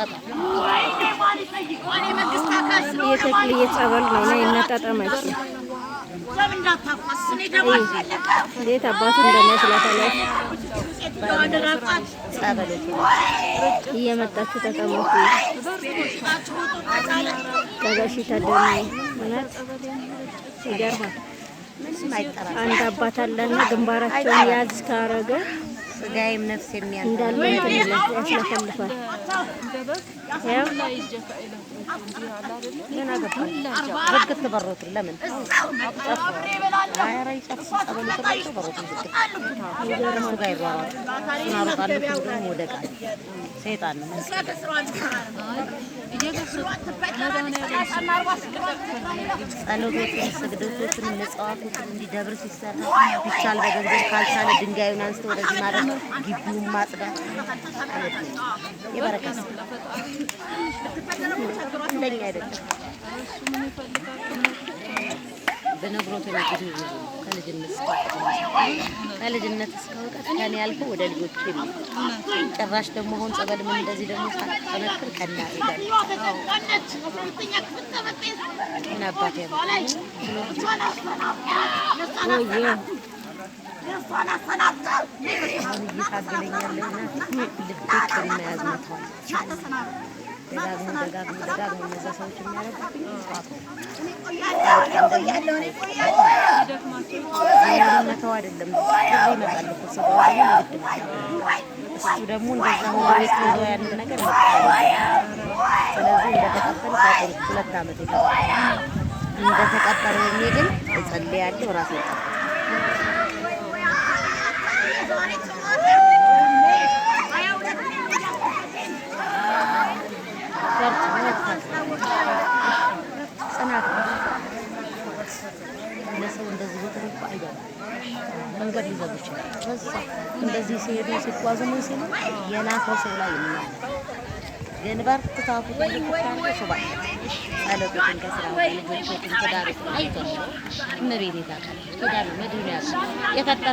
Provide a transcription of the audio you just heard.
የተክልዬ ጸበል ነው እና ይነጣጠማች እንዴት አባቱ እንደመስላታላች እየመጣችሁ ተቀመጡ። ጋጋሽ ታደሚ እውነት ይገርማል። አንድ አባት አለና ግንባራቸውን ያዝ ካረገ ስጋዬም ነፍስ የሚያልፋል ያስለፈልፋል። ዝግት በሮትን ለምን ጸሎቶችን፣ ስግደቶችን፣ እንዲደብር ሲሰራ ይቻል በገንዘብ ካልቻለ ድንጋዩን አንስቶ ወደዚህ ማድረግ ግቢውን ማጽዳት ማለት ነው። እንደኛ አይደለም። በነግሮት ብዙ ከልጅነት ከልጅነት እስከ እውቀት ከኔ ያልፈው ወደ ልጆች ጭራሽ ደግሞ አሁን ጸበል ምን እንደዚህ ደግሞ ሳጠነክር ቀና ይላል አሁን እየታገለኝ ያለው ልቤት በመያዝ መተዋል። ደጋግሞ ደጋግሞ ደጋግሞ እነዛ ሰዎች የሚያደርጉብኝ መተው አይደለም ይመጣል እኮ እሱ ደግሞ እንደዛ ቤት ይዞ ያንን ነገር ስለዚህ ሁለት ዓመት ግን እጸልያለሁ ራሴ መንገድ ሊዘጉ ይችላል። በዛ እንደዚህ ሲሄዱ ሲጓዙ ምን ሲሉ የላከው ሰው ላይ ይምናል ገንበር ትታፉ ተልቁታለ ሱባኤ ጸሎትን ከስራ